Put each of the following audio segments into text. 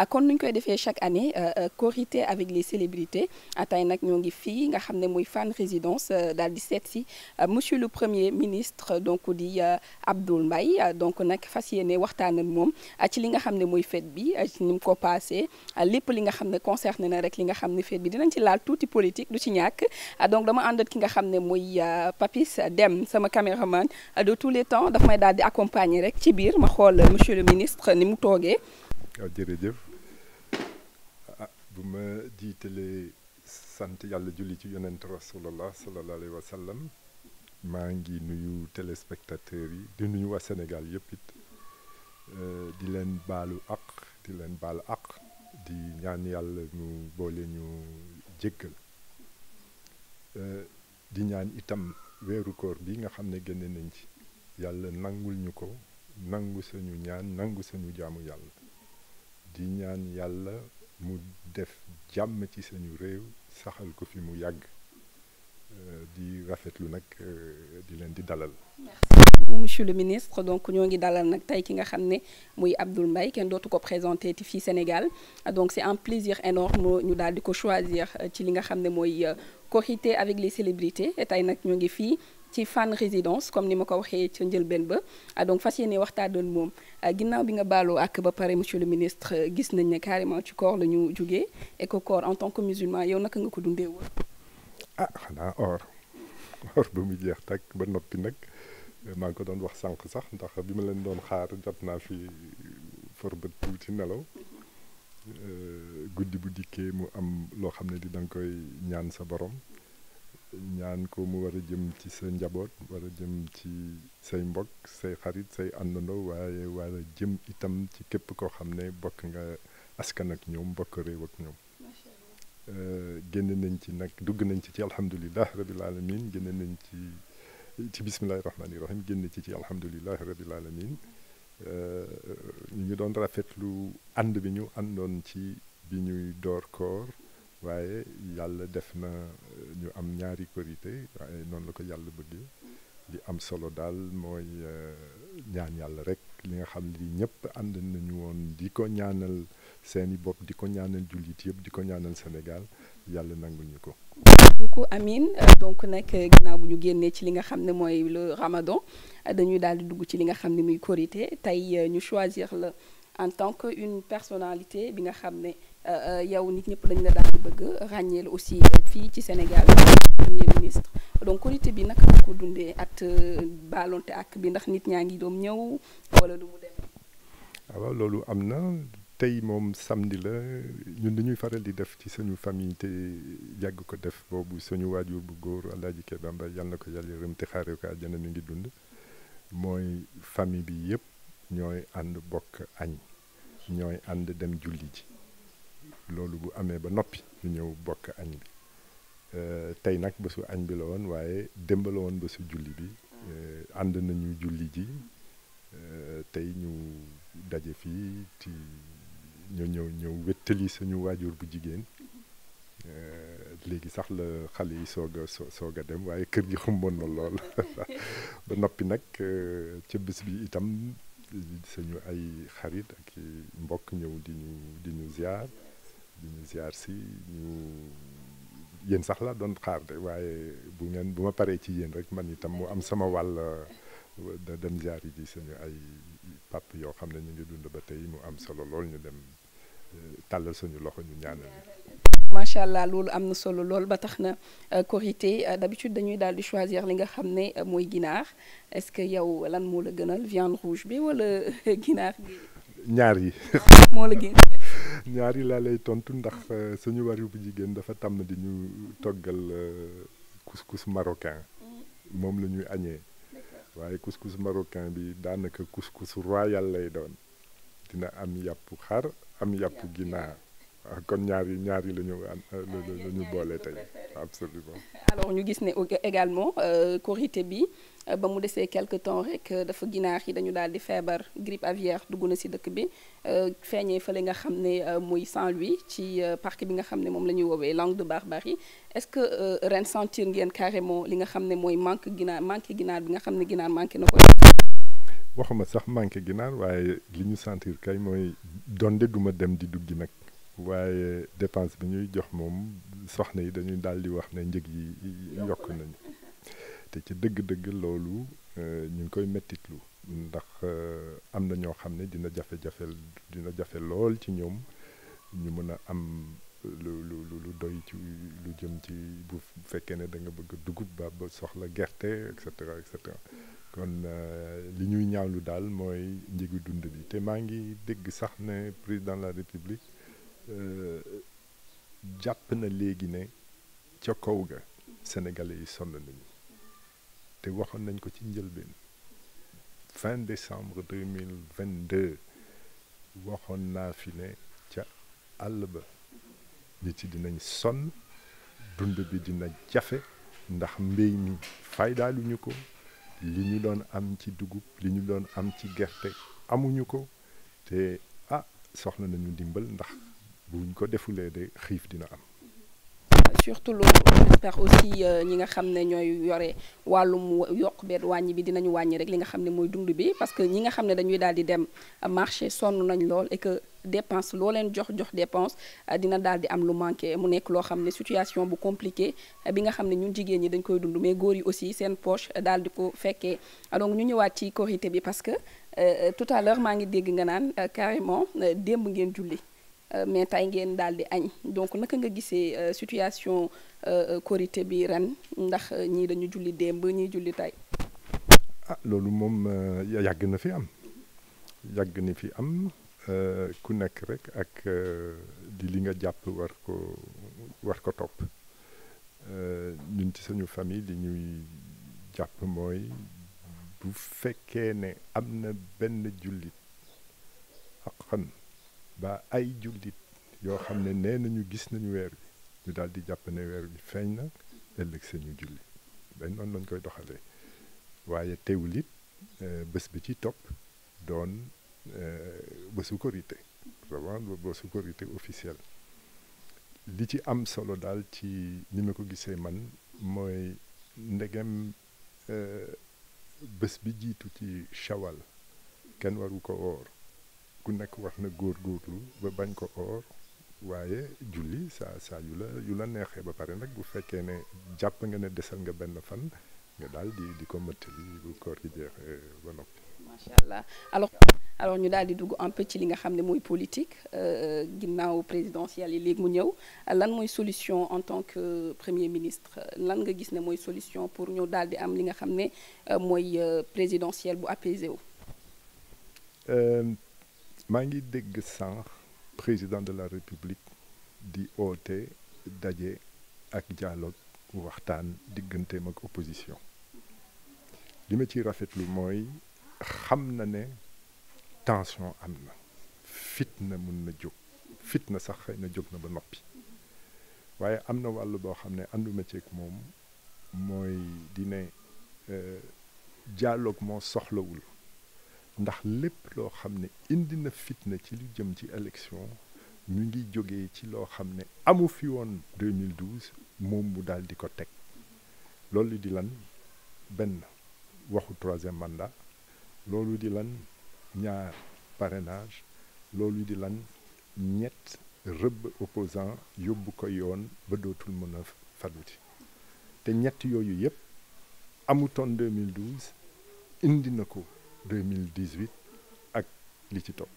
Ah, kon nuñ koy defee chaque année euh, euh, Korité avec les célébrités ah, tey nag ñoo ngi fii nga xam ne muy fan résidence euh, daal di seet si monsieur le premier ministre donc di Abdoul mbay ah, donc nag fas yéene waxtaan ak moom ci li nga xam ne mooy fête bi ci ni mu ko passé lépp li nga xam ne concerne na rek li nga xam ne fête bi dinañ ci laal tuuti politique du ci ñàkk donc dama àndat ki nga xam ne mooy Papis Dem sama caméraman de tous les temps daf may daal di accompagner rek ci biir ma xool monsieur le ministre ni mu toogee. bu ma jiitalee sant yàlla julli ci yonent rasulallah sallallahu alayhi wa sallam maa ngi nuyu téléspectateurs yi di nuyu waa Sénégal yëpp it euh, di leen baalu àq di leen baalu ak di ñaan yàlla ñu boole ñu jéggal euh, di ñaan itam weeru koor bi nga xam ne génne nañ ci yàlla nangul ñu ko nangu suñu ñaan nangu suñu jaamu yàlla di ñaan yàlla mu def jàmm ci suñu réew saxal ko fi mu yàgg euh, di rafetlu nag euh, di leen di dalal. monsieur le ministre donc ñoo ngi dalal nag tey ki nga xam ne muy Abdoul Mbaye kenn dootu ko présenté ci fii Sénégal donc c'est un plaisir énorme ñu daal di ko choisir euh, ci li nga xam ne mooy Korité avec les célébrités tey nag ñoo ngi fii. ci fan résidence comme ni ma ko waxee ca njëlbeen ba ah, donc fas yéene waxtaanoon moom ah, ginnaaw bi nga baaloo ak ba pare monsieur le ministre gis nañ ne carrément ci koor la ñu jugee et en tant que musulman yow naka nga ko dundee woon. ah xanaa or or ba mu jeex tag ba noppi nag maa ngi ko doon wax sànq sax ndax bi ma leen doon xaar jot naa fi euh, for ba tuuti nelaw. Euh, guddi bu dikkee mu am loo xam ne di da nga koy ñaan sa boroom ñaan ko mu war a jëm ci sa njaboot war a jëm ci say mbokk say xarit say àndandoo waaye war a jëm itam ci képp koo xam ne bokk nga askan ak ñoom bokk réew ak ñoom euh, génn nañ ci nag dugg nañ ci ci alhamdulilah rabil alamin génn nañ ci ci bisimilahi rahmaani rahim génn ci ci alhamdulilah rabil alamin euh, ñu ngi doon rafetlu ànd bi ñu àndoon ci bi ñuy door koor waaye yàlla def na euh, ñu am ñaari korité waaye noonu la ko yàlla bëggee li am solo daal mooy euh, ñaan yàlla rek li nga xam ne ñëpp ànd nañu woon di ko ñaanal seeni bopp di ko ñaanal jullit yëpp di ko ñaanal Sénégal yàlla nangul ñu ko. beaucoup Amine euh, donc nekk ginnaaw bu ñu génnee ci li nga xam ne mooy le Ramadan dañuy daal di dugg ci li nga xam ne muy korité tey ñu choisir la en tant que une personnalité bi nga xam ne. Euh, euh, yow nit ñëpp dañ la daal di bëgg ràññeel aussi fii ci Sénégal donc korité bi naka nga ko dundee at euh, baalonte ak bi ndax nit ñaa ngi doom ñëw wala lu mu demee. Ah waaw loolu am na tey moom samedi la ñun dañuy faral di def ci suñu famille te yàgg ko def boobu suñu waajur bu góor Alaaji Kee Bamba yàlla ko yàlla yërëm te xaaree ko àjjana mi ngi dund mooy famille bi yëpp ñooy ànd bokk añ ñooy ànd dem julli ji. loolu bu amee ba noppi ñu ñëw bokk añ bi euh, tey nag bésu añ bi la woon waaye démb la woon bésu julli bi euh, ànd nañu julli ji euh, tey ñu daje fii ci ñu ñëw ñëw wéttali suñu waajur bu jigéen léegi sax la xale yi soog a a dem waaye kër gi xumboon na lool ba noppi nag ca bés bi itam suñu ay xarit ak mbokk ñëw di ñu di ñu ziar di ñu ziar si ñu yéen sax la doon xaar de waaye bu ngeen bu ma paree ci yéen rek man tam mu am sama wàll da dem ziar yi ji suñu ay pap yoo xam ne ñu ngi dund ba tey mu am solo lool ñu dem eh, tàllal suñu loxo ñu ñaanal. macha allah loolu am na solo lool ba tax na eh, Korité eh, d'habitude dañuy daal di choisir li nga xam ne mooy ginaar est-ce que yow lan moo la gënal viande rouge bi wala ginaar gi. ñaar yi. moo la gën. ñaari laa lay tontu ndax euh, suñu waru bu jigéen dafa tàmm di ñu toggal euh, couscous marocain mm. moom la ñuy añee waaye couscous marocain bi daanaka couscous royal lay doon dina am yàpp xar am yàpp ginaar waaw ah, kon ñaari ñaari la ñu ah, la ah, ñu boole tey absolument alors ñu gis ne également euh, korité bi ba mu desee quelque temps rek dafa ginaar yi dañu daal di feebar grippe aviaire dugg na si dëkk bi Euh, feeñee fa fële nga xam ne euh, muy Saint-Louis ci euh, parc bi nga xam ne moom la ñuy woowee langue de barbarie est-ce que ren sentir ngeen carrément li nga xam ne mooy manque ginaar manqué ginaar bi nga xam ne ginaar manqué na ko waxuma sax manqué ginaar waaye li ñu sentir kay mooy donde duma dem di duggi nag waaye dépense bi ñuy jox moom soxna yi dañuy daal di wax ne njëg yi yokk nañu te ci dëgg-dëgg loolu ñu ngi koy mettitlu ndax euh, am na ñoo xam ne dina jafe-jafe dina jafe lool ci ñoom ñu mën a am lu lu lu doy ci lu jëm ci bu fekkee ne da bëgg dugub ba soxla gerte et cetera et cetera kon euh, li ñuy ñaawlu daal mooy njëgu dund bi te maa ngi dégg sax ne président de la république euh, jàpp na léegi ne ca kaw ga sénégalais yi sonn nañu te waxoon nañ ko ci njëlbeen. fin décembre 2022 waxoon naa fi ne ca àll ba nit yi dinañ sonn dund bi dina jafe ndax mbéy mi faydaaluñu ko li ñu doon am ci dugub li ñu doon am ci gerte amuñu ko te ah soxla nañu ndimbal ndax buñ ko defulee de xiif dina am surtout loolu j'espère aussi euh, ñi nga xam ne ñooy yore wàllum yokk beet wàññi bi dinañu wàññi rek li nga xam ne mooy dund bi parce que ñi nga xam ne dañuy daal di dem marché sonn nañ lool et que dépense loo leen jox jox dépense euh, dina daal di am lu manqué mu nekk loo xam ne situation bu compliqué euh, bi nga xam ne ñun jigéen ñi dañ koy dund mais góor yi aussi seen poche daal di ko fekkee donc ñu ñëwaat ci korité bi parce que tout à l'heure maa ngi dégg nga naan carrément démb ngeen julli Euh, mais tay ngeen daal di añ donc naka nga gisee euh, situation euh, korité bii ren ndax ñii dañu julli démb ñii julli tay ah loolu moom yàgg na fi am yàgg na fi am ku nag rekk ak di li nga jàpp war ko topp ñun ci suñu famille li ñuy jàpp mooy bu fekkee ne am na benn jullit xam ba ay jullit yoo xam ne nee nañu gis nañu weer bi ñu daal di jàpp ne weer bi feeñ na ëllëg seenu julli dañ noonu lañ koy doxalee waaye teewul it eh, bés bi ci topp doon eh, bésu korité vraiment bésu korité li ci am solo daal ci ni ma ko gisee man mooy ndegem eh, bés bi jiitu ci shawal kenn waru ko woor ku nekk war na góorgóorlu ba bañ ko oor waaye julli saa saa yu la yu la neexee ba pare nag bu fekkee ne jàpp nga ne desal nga benn fan nga daal di di ko mëttali eh, alors alors ñu daal di dugg un ci li nga xam ne mooy politique euh, ginnaaw présidentielle yi léegi mu ñëw lan mooy solution en tant que premier ministre lan nga gis ne mooy solution pour ñu daal di am li nga xam ne euh, mooy euh, présidentielle bu apaisé wu. maa ngi dégg sànq président de la république di oote daje ak dialogue waxtaan digganteem ak opposition li ma ci rafet rafetlu mooy xam na ne tension am na fitna mun na jóg fitna sax xëy na jóg na ba noppi waaye am na wàll boo xam ne ànduma ceeg moom mooy di ne euh, dialogue moo soxlawul ndax lépp loo xam ne indi na fitna ci lu jëm ci élection ñu ngi jóge ci loo xam ne amu fi woon 2012 moom mu daal di ko teg loolu di lan benn waxu troisième mandat loolu di lan ñaar parenage loolu di lan ñett rëbb opposant yóbbu ko yoon ba dootul mën a te ñett yooyu yépp amutoon 2012 indi na ko 2018 ak li ci topp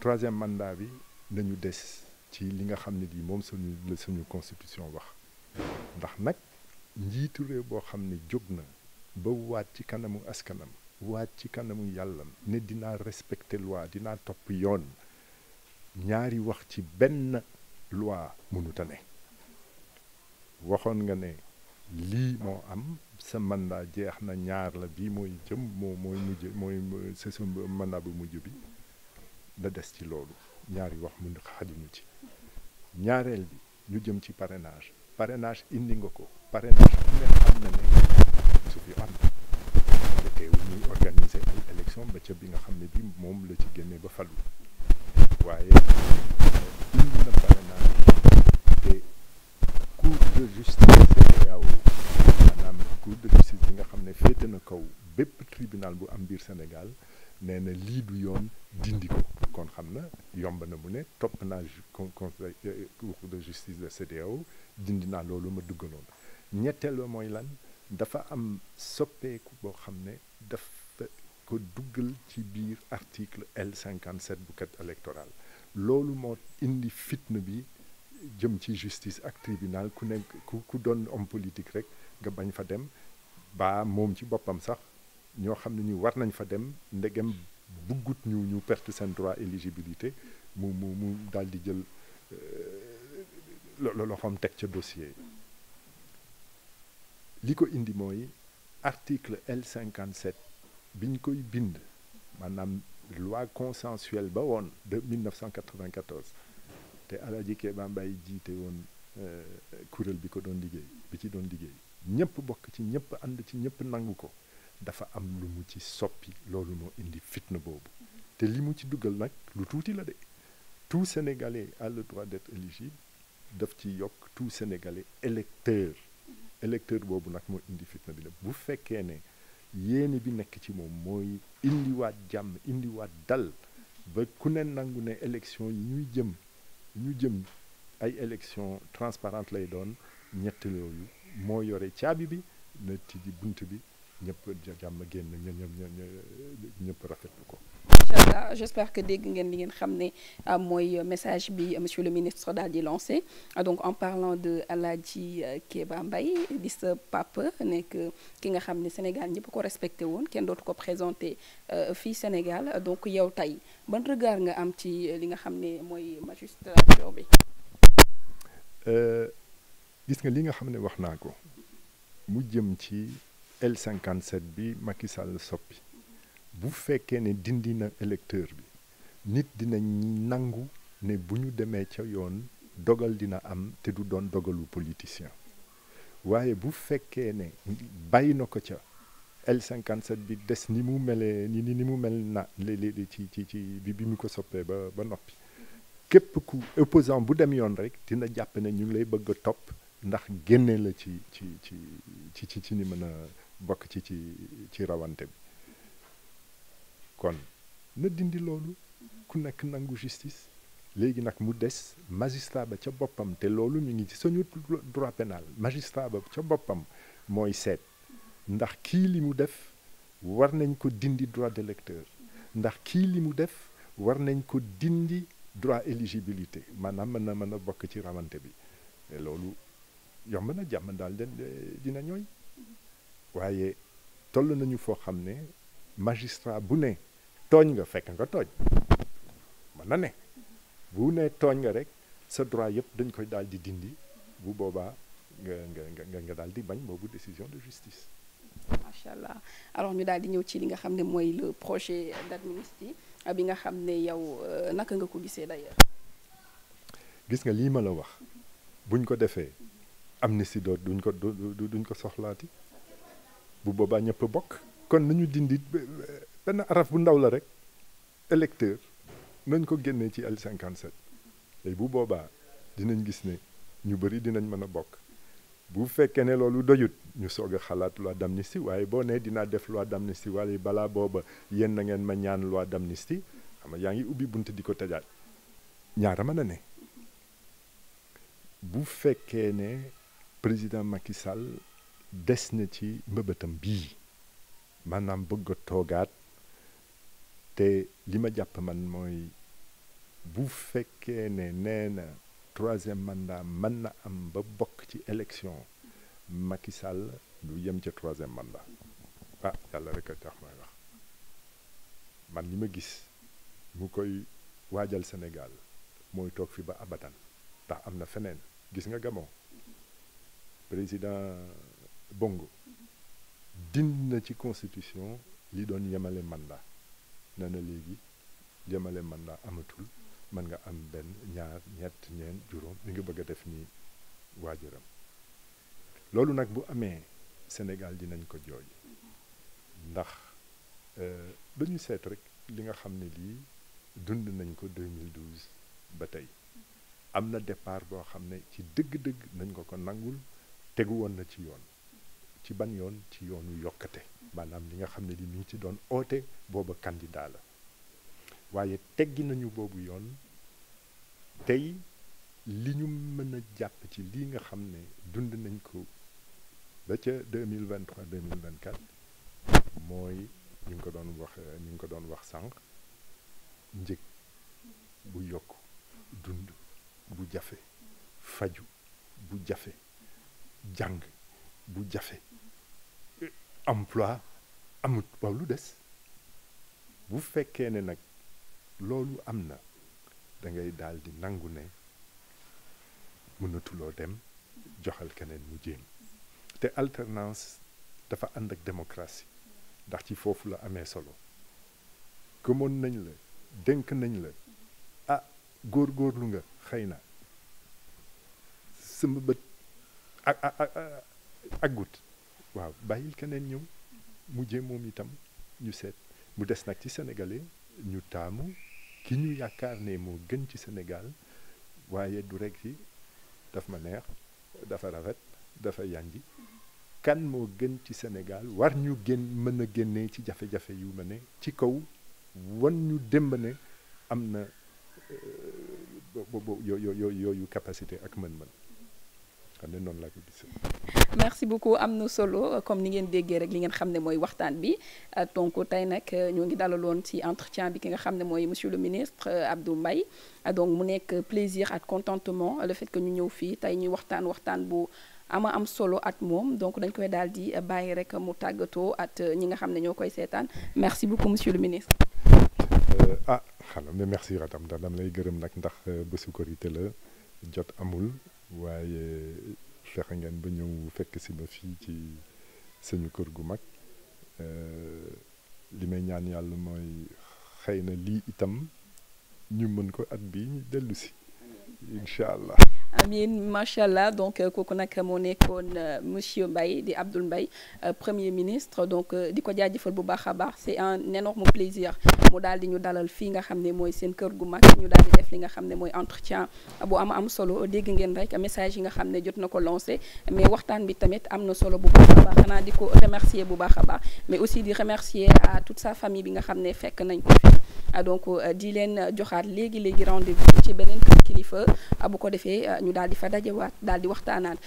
troisième mandat bi nañu des ci li nga xam ne di moom suñu la suñu constitution wax ndax nag njiitu réew boo xam ne jóg na ba waat ci kanamu askanam waat ci kanamu yàllam ne dinaa respecter loi dinaa topp yoon ñaari wax ci benn loi munu tane waxoon nga ne lii moo am sa mandat jeex na ñaar la bii mooy jëm moo mooy mujj mooy sa sa bu mujj bi da des ci loolu ñaari wax mu xajuñu ci ñaareel bi ñu jëm ci parrainage parrainage indi nga ko parrainage ku na ne suuf yu am te teewul ñuy ay élection ba ca bi nga xam ne bi moom la ci génne ba falu waaye indi na parrainage te cour de justice féete na kaw bépp tribunal bu am biir Sénégal nee na lii du yoon dindi ko kon xam na yomb na mu ne topp naa conseil euh, cour de justice de CEDEAO dindi naa loolu ma duggaloon ñetteel ba mooy lan dafa am soppeeku boo xam ne dafa ko duggal ci biir article L57 bu code électoral loolu moo indi fitna bi jëm ci justice ak tribunal ku nekk ku ku doon homme politique rek nga bañ fa dem baa moom ci boppam sax ñoo xam ne ni war nañ fa dem ndegem buggut ñu ñu perte seen droit éligibilité mu mu mu daal di jël euh, lo loxoom teg ca dossier li ko indi mooy article L57 biñ koy bind maanaam loi consensuelle ba woon de 1994 te Alaaji Kéba Mbaye jiite woon euh, kuréel bi ko doon liggéey bi ci doon liggéey ñëpp bokk ci ñëpp ànd ci ñëpp nangu ko dafa am lu mu ci soppi loolu moo indi fitna boobu te li mu ci dugal nag lu tuuti la de tout sénégalais a le droit d'être éligible daf ci yokk tout sénégalais électeur électeur boobu nag moo indi fitna bi la bu fekkee ne yéene bi nekk ci moom mooy indiwaat jàmm indiwaat dal ba ku ne nangu ne élection ñuy jëm ñu jëm ay élection transparente lay doon ñett yooyu moo yore caabi bi na tijji bunt bi ñëpp jàmm génn ñë ñë ñëpp rafetlu ko. incha allah j'espère que dégg ngeen li ngeen xam ne euh, mooy message bi euh, monsieur le ministre daal di lancé euh, donc en parlant de Alaaji Kéba mbay di sa papa nekk ki nga xam ne Sénégal ñëpp ko respecté woon kenn dootu ko présenté fii Sénégal donc yow tey ban regard nga am ci li nga xam ne mooy magistrature bi. gis nga li nga xam ne wax naa ko mu jëm ci L57 bi Macky Sall soppi bu fekkee ne dindi na électeur bi nit dina nangu ne bu ñu demee ca yoon dogal dina am te du doon dogalu politicien waaye bu fekkee ne bàyyi na ko ca L57 bi des ni mu melee ni ni mu mel na léeg-léeg ci ci ci bi bi mu ko soppee ba ba noppi képp ku opposant bu dem yoon rek dina jàpp ne ñu ngi lay bëgg a topp ndax génne la ci ci ci ci ci ci ni mën a bokk ci ci ci rawante bi kon na dindi loolu ku nekk nangu justice léegi nag mu des magistrat ba ca boppam te loolu ñu ngi ci suñu droit pénal magistrat ba ca boppam mooy seet ndax kii li mu def war nañ ko dindi droit d'électeur ndax kii li mu def war nañ ko dindi droit éligibilité maanaam mën na mën a bokk ci rawante bi loolu yomb na jàmm daal eh, dina ñooy waaye toll nañu foo xam ne magistrat bu ne tooñ nga fekk nga tooñ mën na ne bu ne tooñ nga rek sa droit yëpp dañ koy daal di dindi bu boobaa nga nga nga daal di bañ boobu décision de justice. macha allah alors ñu daal di ñëw ci li nga xam ne mooy le projet d'amnistie bi nga xam ne yow euh, naka nga ko gisee d'ailleurs. gis nga lii ma la wax buñ ko defee. amnistie doo duñ ko duñ ko soxlaati bu boobaa ñëpp bokk kon nañu dindi benn araf bu ndaw la rek électeur nañ ko génne ci L57 tey bu boobaa dinañ gis ne ñu bëri dinañ mën a bokk bu fekkee ne loolu doyut ñu soog a xalaat loi d'amnistie waaye boo nee dinaa def loi d'amnistie wala balaa booba yéen na ngeen ma ñaan loi d'amnistie xam nga yaa ngi ubbi bunt di ko tëjaat ñaara mën ne bu fekkee ne président Macky Sall des na ci mbëbëtam bii maanaam bëgg a toogaat te li ma jàpp man mooy bu fekkee ne nee na troisième mandat mën na am ba bokk ci élection Macky Sall du yem ca troisième mandat ah yàlla rek a tax may wax man li ma gis mu koy waajal senegal mooy toog fi ba abadan ndax am na feneen gis nga gamoo président Bongo dind na ci constitution li doon yemale mandat nee na léegi yemale mandat amatul mën nga am benn ñaar ñett ñeent juróom li nga bëgg a def nii waajuram loolu nag bu amee Sénégal dinañ ko jooy ndax dañu euh, seet rekk li nga xam ne lii dund nañ ko 2012 ba tey am na départ boo xam ne ci dëgg-dëgg nañ ko ko nangul tegu woon na ci yoon ci ban yoon ci yoonu yokkate maanaam li nga xam ne li mi ngi ci doon oote booba candidat la waaye teggi nañu boobu yoon tey li ñu mën a jàpp ci li nga xam ne dund nañ ko ba ca 2023 2024 mooy ñu ngi ko doon wax ñu ngi ko doon wax sànq njëg bu yokk dund bu jafe faju bu jafe jàng bu jafe emploi amut waaw lu des bu fekkee ne nag loolu am na dangay daldi nangu ne mënatuloo dem joxal keneen mu jéem te alternance dafa ànd ak démocratie ndax ci foofu la amee solo gëmoon nañ la dénk nañ la ah góor góorlu nga xëy na ak ak waaw bàyyil keneen ñëw mu jéem moom itam ñu seet mu des nag ci sénégalais ñu taamu ki ñu yaakaar ne moo gën ci Sénégal waaye du rekk ci daf ma neex dafa rafet dafa yànji kan moo gën ci Sénégal war ñu génn mën a génne ci jafe-jafe yu ma ne ci kaw wan ñu démb ne am na euh, bo yooyu capacité ak mën-mën xam ne merci beaucoup am na solo comme ni ngeen déggee rek li ngeen xam ne mooy waxtaan bi donc tey nag ñoo ngi dalaloon ci entretien bi ki nga xam ne mooy monsieur le ministre Abdou Mbaye donc mu nekk plaisir ak contentement le fait que ñu ñëw fii tey ñuy waxtaan waxtaan bu ama am solo at moom donc dañ koy daal di bàyyi rek mu tàggatoo at ñi nga xam ne ñoo koy seetaan merci beaucoup monsieur le ministre euh, ah xalam ne merci ratam ndax dam lay gërëm nag ndax euh, bésu korité la jot amul waaye fexe ngeen ba ñëw fekk si ma fii ci suñu kër gu mag li may ñaan yàlla mooy xëy na lii itam ñu mën ko at bii ñu dellu allah amiin macha allah donc euh, kooku nag moo nekkoon euh, monsieur mbay di Abdoul mbay euh, premier ministre donc di ko jaajëfal bu baax a baax c'est un énorme plaisir mu daal di ñu dalal fii nga xam ne mooy seen kër gu mag ñu daal di def li nga xam ne mooy entretien bu am am solo dégg ngeen rek message yi nga xam ne jot na ko lancé mais waxtaan bi tamit am na solo bu baax a baax xanaa di ko remercier bu baax a baax mais aussi di remercier à tout sa famille bi nga xam ne fekk nañ ko Ah, donc euh, di leen euh, joxaat léegi léegi rendez-vous ci beneen kër kilifa ah, bu ko defee euh, ñu daal di fa dajewaat daal di waxtaanaat.